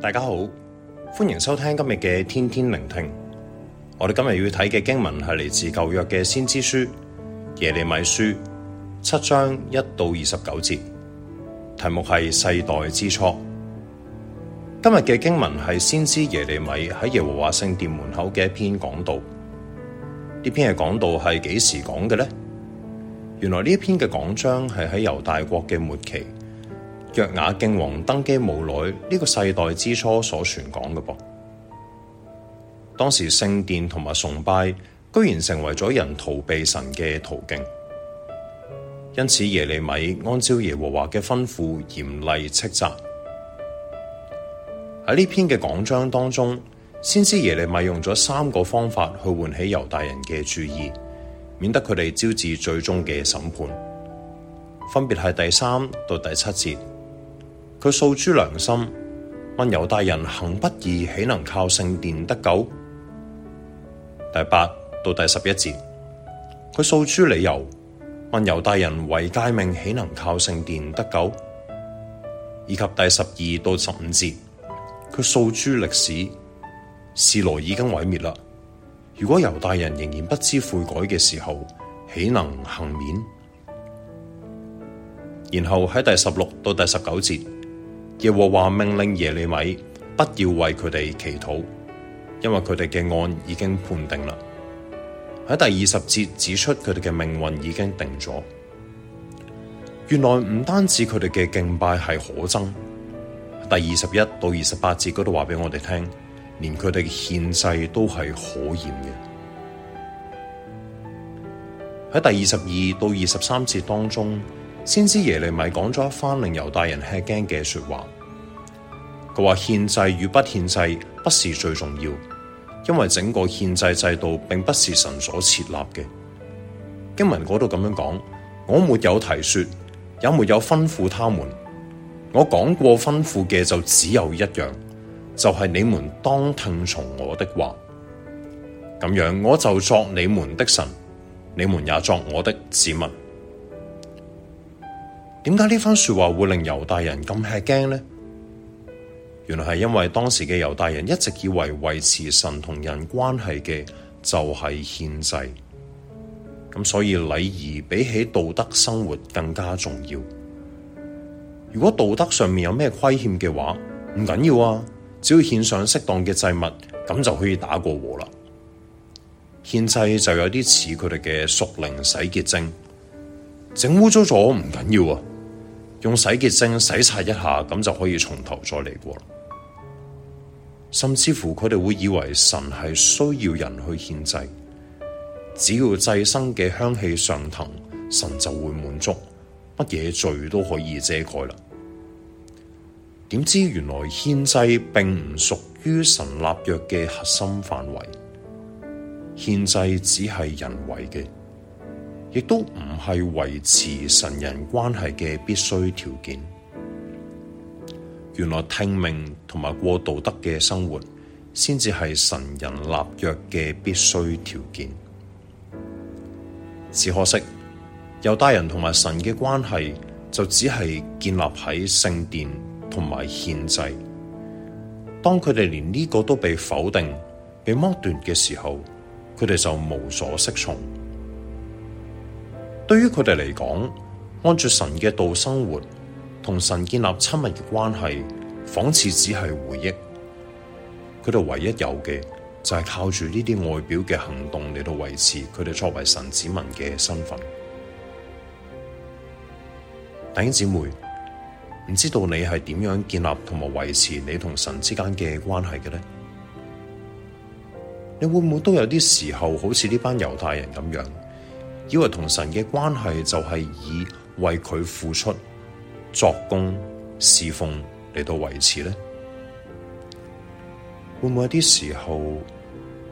大家好，歡迎收聽今日嘅天天聆聽。我哋今日要睇嘅經文係嚟自舊約嘅先知書耶利米書七章一到二十九節，題目係世代之初。今日嘅經文係先知耶利米喺耶和華聖殿門口嘅一篇講道。呢篇嘅講道係幾時講嘅呢？原來呢篇嘅講章係喺猶大國嘅末期。約雅敬王登基冇耐，呢、這個世代之初所傳講嘅噃。當時聖殿同埋崇拜，居然成為咗人逃避神嘅途徑。因此耶利米按照耶和華嘅吩咐嚴厲斥責。喺呢篇嘅講章當中，先知耶利米用咗三個方法去喚起猶大人嘅注意，免得佢哋招致最終嘅審判。分別係第三到第七節。佢訴諸良心，問猶大人行不義，豈能靠聖殿得救？第八到第十一節，佢訴諸理由，問猶大人違誡命，豈能靠聖殿得救？以及第十二到十五節，佢訴諸歷史，示羅已經毀滅啦。如果猶大人仍然不知悔改嘅時候，豈能幸免？然後喺第十六到第十九節。耶和華命令耶利米不要為佢哋祈禱，因為佢哋嘅案已經判定啦。喺第二十節指出佢哋嘅命運已經定咗。原來唔單止佢哋嘅敬拜係可憎，第二十一到二十八節嗰度話畀我哋聽，連佢哋嘅獻祭都係可厭嘅。喺第二十二到二十三節當中。先知耶利米講咗一番令猶大人吃驚嘅說話。佢話獻祭與不獻祭不是最重要，因為整個獻祭制度並不是神所設立嘅。經文嗰度咁樣講，我沒有提說，也沒有吩咐他們。我講過吩咐嘅就只有一樣，就係、是、你們當聽從我的話。咁樣我就作你們的神，你們也作我的子民。點解呢番說話會令猶大人咁吃驚呢？原來係因為當時嘅猶大人一直以為維持神同人關係嘅就係獻祭。咁所以禮儀比起道德生活更加重要。如果道德上面有咩虧欠嘅話唔緊要啊，只要獻上適當嘅祭物，咁就可以打過和啦。獻祭就有啲似佢哋嘅屬靈洗潔精，整污糟咗唔緊要啊。用洗潔精洗刷一下，咁就可以從頭再嚟過啦。甚至乎佢哋會以為神係需要人去獻祭，只要祭牲嘅香氣上騰，神就會滿足，乜嘢罪都可以遮蓋啦。點知原來獻祭並唔屬於神立約嘅核心範圍，獻祭只係人為嘅。亦都唔係維持神人關係嘅必須條件。原來聽命同埋過道德嘅生活，先至係神人立約嘅必須條件。只可惜，猶大人同埋神嘅關係就只係建立喺聖殿同埋獻祭。當佢哋連呢個都被否定、被剝奪嘅時候，佢哋就無所適從。對於佢哋嚟講，按住神嘅道生活，同神建立親密嘅關係，仿似只係回憶。佢哋唯一有嘅就係靠住呢啲外表嘅行動嚟到維持佢哋作為神子民嘅身份。弟兄姊妹，唔知道你係點樣建立同埋維持你同神之間嘅關係嘅咧？你會唔會都有啲時候好似呢班猶太人咁樣？以為同神嘅關係就係以為佢付出、作工、侍奉嚟到維持呢？會唔會有啲時候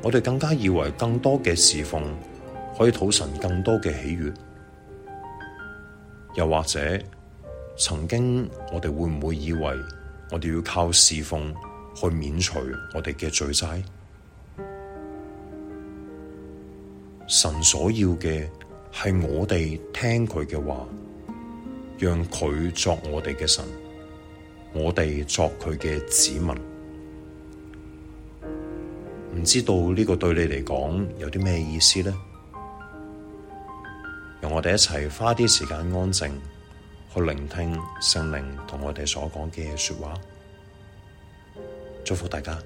我哋更加以為更多嘅侍奉可以討神更多嘅喜悦？又或者曾經我哋會唔會以為我哋要靠侍奉去免除我哋嘅罪債？神所要嘅。係我哋聽佢嘅話，讓佢作我哋嘅神，我哋作佢嘅子民。唔知道呢個對你嚟講有啲咩意思呢？讓我哋一齊花啲時間安靜去聆聽聖靈同我哋所講嘅說話。祝福大家。